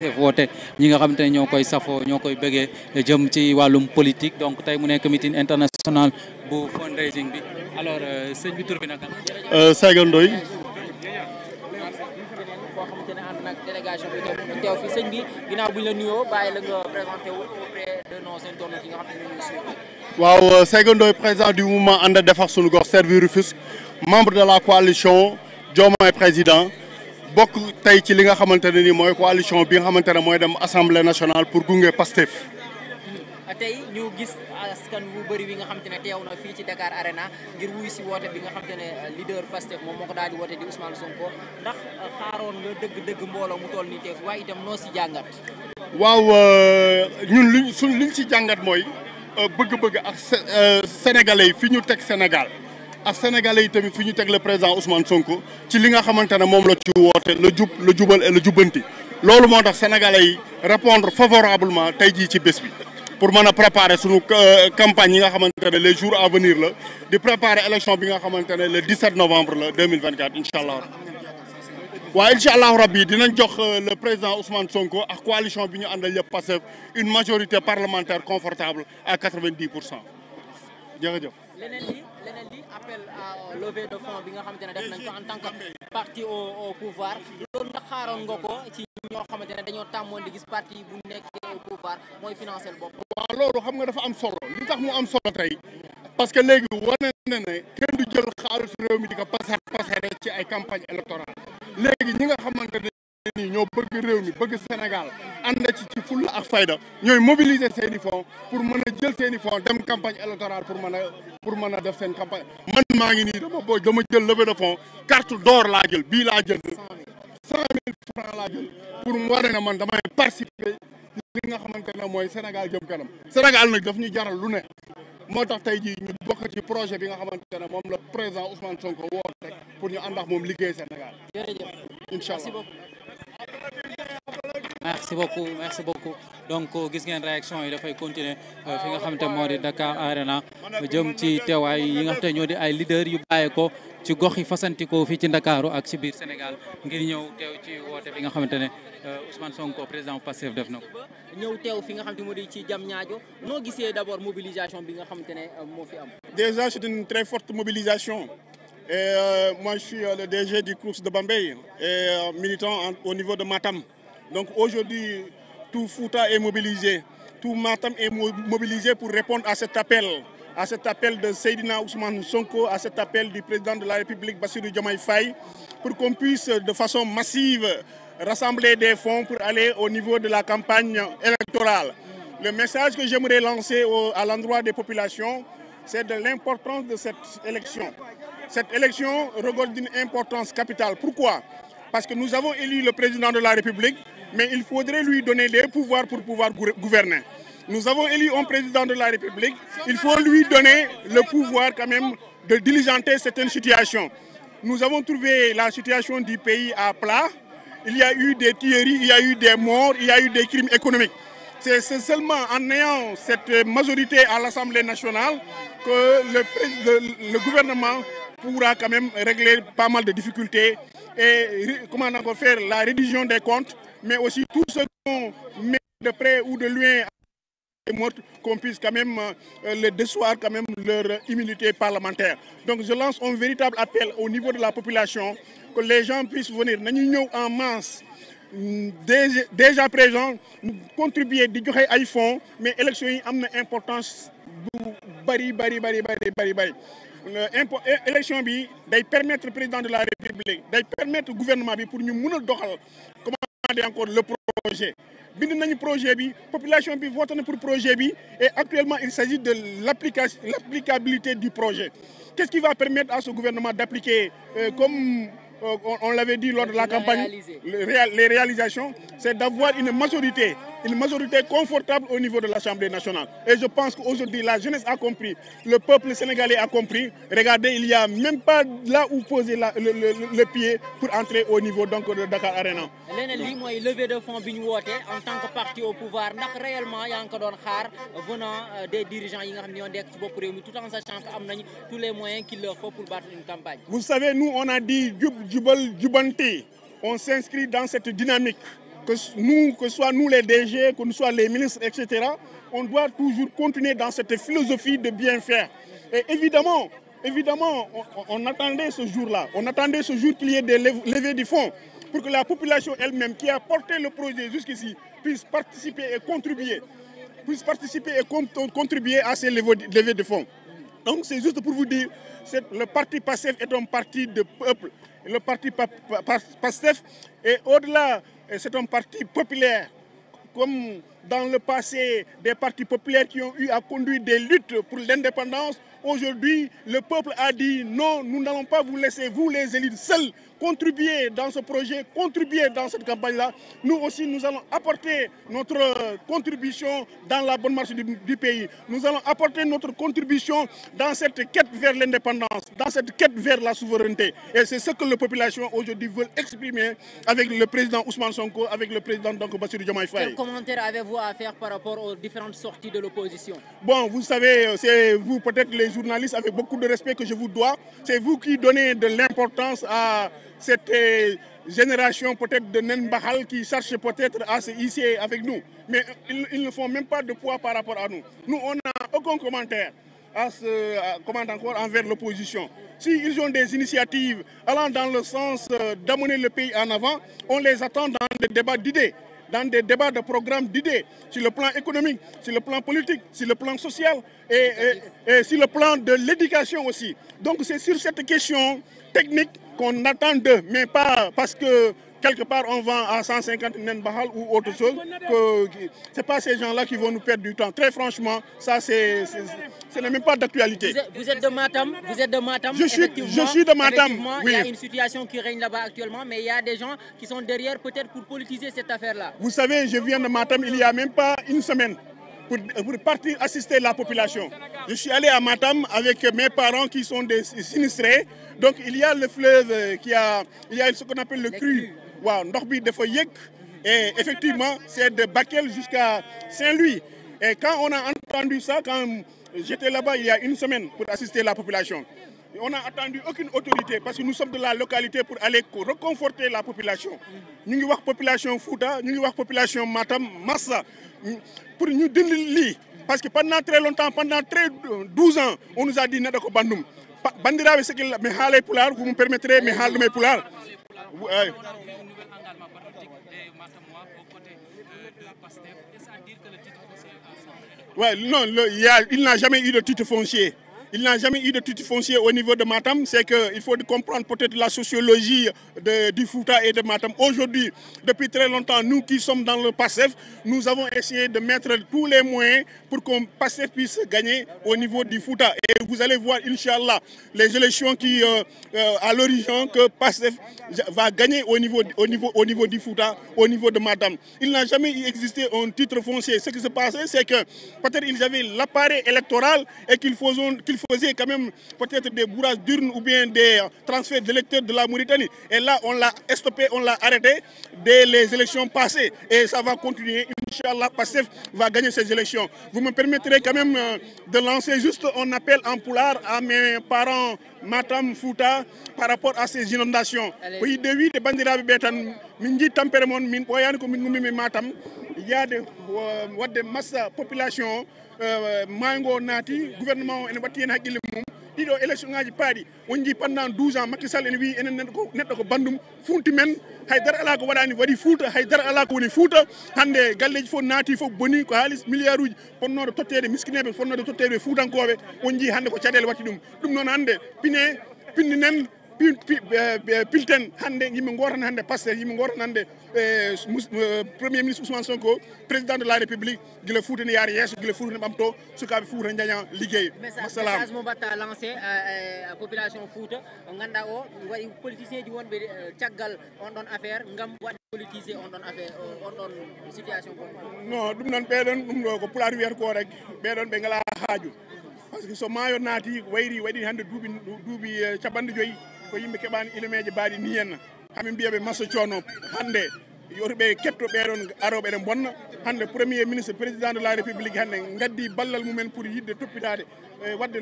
def ñi nga xamante ne ñoo koy safoo ñoo koy bëggee jëm ci wàllum politique donc tey mu nekk meeting international bu fundraising bi euh, bi tur bi naka euh, Seygal Ndoy boo xamante ne ànd nag délégation bi teew teew fi de waaw euh, Seygal président du mouvement ànd defar suñu gox servir Rufisque membre de la coalition Diomaye président bokk tey ci li nga xamante ne ni mooy coalition bi nga xamante ne mooy dem assemblée nationale pour gunge Pastef. tey ñu gis askan bu bëri bi nga xam te ne teew na fii ci Dakar Arena ngir wuy si woote bi nga xam te ne leader Pastef moom moo ko daal di woote di Ousmane Sonko ndax xaaroon nga dëgg-dëgg mbooloo mu toll nii teew waaye itam noo si jàngat. waaw euh, ñun luñ suñ liñ si jàngat mooy euh, bëgg-bëgg ak euh, Sénégalais yi fi ñu teg Sénégal. ak sénégalais yi tamit fi ñu teg le président Ousmane Sonko ci li nga xamante ne moom la ci woote la jub la jubal et la jubbanti loolu moo tax sénégalais yi répondre favorablement tey jii ci bés bi pour mën a préparer sunu euh, campagne yi nga xamante ne les jours à venir la di préparer élection bi nga xamante ne le 17 novembre la 2024 incha allah. waaye incha allahu rabbi dinañ jox euh, le président Ousmane Sonko ak coalition bi ñu àndal yëpp Pastef une majorité parlementaire confortable à 90 pour cent jërëjëf. appel à levée de fonds bi nga xamante ne def nañ ko en tant que parti au au pouvoir loolu ndax xaaroon nga ko ci ñoo xamante ne dañoo tàmmoon di gis parti xam nga dafa am solo li tax mu am solo tey parce léegi wane ne kenn du jël xaalis réew mi di ko pasare ci ay campagne électorale léegi ñi nga xamante ne nii ñoo bëgg réew mi bëgg Sénégal ànd ci ci ak fayda ñooy mobiliser seen i pour mën a jël seen i fonds dem campagne électorale pour mën a pour mën a def seen campagne man maa ngi nii dama boo dama jël levée de fonds carte d'or laa jël bii laa jël cent mille francs laa jël pour mu war na man damay participer li nga xamante ne mooy Sénégal jëm kanam Sénégal nag daf ñu jaral lu ne moo tax tey jii ñu bokk ci projet bi nga xamante ne moom la président Ousmane Sonko woote pour ñu ànd ak moom liggéey Sénégal merci beaucoup merci donc gis ngeen réaction yi dafay continuer euh, fi nga xam te moo di Dakar Arena jëm ci teewaay yi nga xam te ñoo di ay leader yu bàyyee ko ci gox yi fasantikoo fii ci Ndakaaru ak ci biir Sénégal ngir ñëw teew ci woote bi nga xamante ne euh, Ousmane Sonko président Pastef def na ko. ñëw teew fi nga xam te moo di ci jam ñaajo noo gisee d'abord mobilisation bi nga xam ne euh, moo fi am. déjà c'est une très forte mobilisation. Et euh, moi je le DG du CROUS de Bambey et euh, militant Donc aujourd'hui, tout Fouta est mobilisé, tout Matam est mobilisé pour répondre à cet appel, à cet appel de Seydina Ousmane Sonko, à cet appel du président de la République Bassirou Diomaye Faye, pour qu'on puisse de façon massive rassembler des fonds pour aller au niveau de la campagne électorale. Le message que j'aimerais lancer au, à l'endroit des populations, c'est de l'importance de cette élection. Cette élection regorge d'une importance capitale. Pourquoi Parce que nous le président de la République, mais il faudrait lui donner les pouvoirs pour pouvoir gouverner. Nous avons élu un président de la République, il faut lui donner le pouvoir quand même de diligenter certaines situations. Nous avons trouvé la situation du pays à plat, il y a eu des tueries, il y a eu des morts, il y a eu des crimes économiques. C'est seulement en ayant cette majorité à l'Assemblée nationale que le, gouvernement pourra quand même régler pas mal de difficultés et comment la réduction des comptes mais aussi tout ce qu'on met de près ou de loin qu'on puisse quand même euh, le déçoir quand même leur euh, immunité parlementaire. Donc je lance un véritable appel au niveau de la population que les gens puissent venir nañu ñëw en des déjà déjà présent contribuer di joxe ay fonds mais élections yi am na importance bu bari bari bari bari bari bari euh, impo élection bi day permettre président de la république day permettre gouvernement bi pour ñu mën a doxal demandé encore le projet bind nañu projet bi population bi voté na pour projet bi et actuellement il s'agit de l'application l'applicabilité du projet qu'est-ce qui va permettre à ce gouvernement d'appliquer euh, comme euh, on, on l'avait dit lors de la campagne les réalisations c'est d'avoir une majorité une majorité confortable au niveau de l'Assemblée nationale. Et je pense qu'aujourd'hui, la jeunesse a compris, le peuple sénégalais a compris. Regardez, il n'y a même pas là où poser le, pied pour entrer au niveau donc, de Dakar Arena. Leneen levée de fonds bi ñu en tant que parti au pouvoir ndax réellement yaa ngi ko doon venant euh, des dirigeants yi nga xam ne ñoo tout en sachant que am tous les moyens qu'il leur faut pour battre que nous, que soit nous les DG, que nous soient les ministres, etc., on doit toujours continuer dans cette philosophie de bien faire. Et évidemment, on, attendait ce jour-là. On attendait ce jour qu'il y ait des levées du fonds pour que la population elle-même qui a porté le projet jusqu'ici puisse participer et contribuer, puisse participer et contribuer à ces levées de fonds. Donc c'est juste pour vous dire, le parti PASSEF est un parti de peuple. Le parti PASSEF est au-delà Et c'est un parti populaire, comme dans le passé des partis populaires qui ont eu à conduire des luttes pour l'indépendance. Aujourd'hui, le peuple a dit non, nous n'allons pas vous laisser, vous les élites, seuls contribuer dans ce projet, contribuer dans cette campagne-là. Nous aussi, nous allons apporter notre euh, contribution dans la bonne marche du, du pays. Nous allons apporter notre contribution dans cette quête vers l'indépendance, dans cette quête vers la souveraineté. Et c'est ce que la population aujourd'hui veut exprimer avec le président Ousmane Sonko, avec le choix à faire par rapport aux différentes sorties de l'opposition Bon, vous savez, euh, c'est vous, peut-être les journalistes, avec beaucoup de respect que je vous dois, c'est vous qui donnez de l'importance à cette euh, génération peut-être de Nenbahal qui cherche peut-être à se hisser avec nous. Mais euh, ils, ils, ne font même pas de poids par rapport à nous. Nous, on n'a aucun commentaire à ce, à, encore, envers l'opposition. S'ils si ont des initiatives allant dans le sens d'amener dans des débats de programmes d'idées sur le plan économique, sur le plan politique, sur le plan social et, sur le plan de l'éducation aussi. Donc c'est sur cette question technique qu'on attend d'eux, mais pas parce que quelque part on vend à 150 nen bahal ou autre chose que c'est pas ces gens-là qui vont nous perdre du temps très franchement ce n'est même pas d'actualité vous, vous de Matam je suis de Matam il y a des gens qui sont derrière peut-être politiser cette affaire-là vous savez je viens de Matam il y a même pas une semaine pour, partir assister la population je suis allé à Matam avec mes parents qui sont des sinistrés donc il y a le fleuve qui a ce qu'on appelle waaw ndox bii dafa yëg et effectivement c'est de Bakel jusqu'à Saint-Louis et quand on a entendu ça quand j'étais là-bas il y a une semaine pour assister la population on n'a attendu aucune autorité parce que nous sommes de la localité pour aller reconforter la population ñu ngi wax population Fouta ñu ngi wax population Matam Massa pour ñu dindi lii parce que pendant très longtemps pendant très douze ans on nous a dit ne ko bandum bandiraɓe sehil mi me permettrez mi Ouais. Ouais, non, le, il, a, il n'a jamais eu de titre foncier. il n'a jamais eu de titre foncier au niveau de Matam, c'est qu'il faut comprendre peut-être la sociologie de, du Fouta et de Matam. Aujourd'hui, depuis très longtemps, nous qui sommes dans le PASSEF, nous avons essayé de mettre tous les moyens pour qu'on PASSEF puisse gagner au niveau du Fouta. Et vous allez voir, Inch'Allah, les élections qui, euh, euh, à l'origine, que PASSEF va gagner au niveau, au, niveau, au niveau du Fouta, au niveau de Matam. Il n'a jamais existé un titre foncier. qui faisait quand même peut-être des bourrages d'urnes ou bien des transferts d'électeurs de la Mauritanie. Et là, on l'a stoppé, on l'a arrêté dès les élections passées. Et ça va continuer. Inch'Allah, PASSEF va gagner ces élections. Vous me permettrez quand même euh, de lancer juste un appel en poulard à mes parents Matam Fouta par rapport à ces inondations. Puis de huit bandiraɓe ɓe tan min jii tampere min ɓooyaani ko min ngumimi Matam yaade wadde massa population Euh, maayo ngo naati gouvernement o ene watti hen haqqille mum ɗiɗo o ngaji paaɗi won jii pendant 12 ans ene wi enen neɗɗo ko bandum funti men haydara ala ko waɗani waɗi fouta haydara ala ko woni fouta hande galleji fof naati fof boni ko haalis milliard uji ponnoɗo tottede miskineɓe ponnoɗo tottede fuutankoɓe on jii ko caɗele watti ɗum ɗum noon hande pine pindi nen Eh, eh, pilten hannde yimɓe gotan hannde yimɓe gotan hannde eh, premier ministre ousmane sonko président de la république gila fouta ne yaara yesso gila fouta ne ɓamto sukaɓe fouta jaña ligguey masalam mo mbatta lancé euh, euh, population fouta o ganduɗa o waɗi politicien wonɓe euh, caggal on ɗon affaire gam waɗ politisé on ɗon affaire on ɗon situation non ɗum ɗum ko pulaar wiyata ko rek ɓe ngala haaju par que so maayo naati wayri waɗi hannde duuɓi duuɓi capanɗe joyyi ko yimɓe keɓani ilimeji mbaɗi ni henna mbiyaɓe massa coono hande yotoɓe ketto ɓeɗon aroɓe ɗen bonna hande premier ministre président de la république hande gaddi ballal mumen pour yidde toppitade e wadde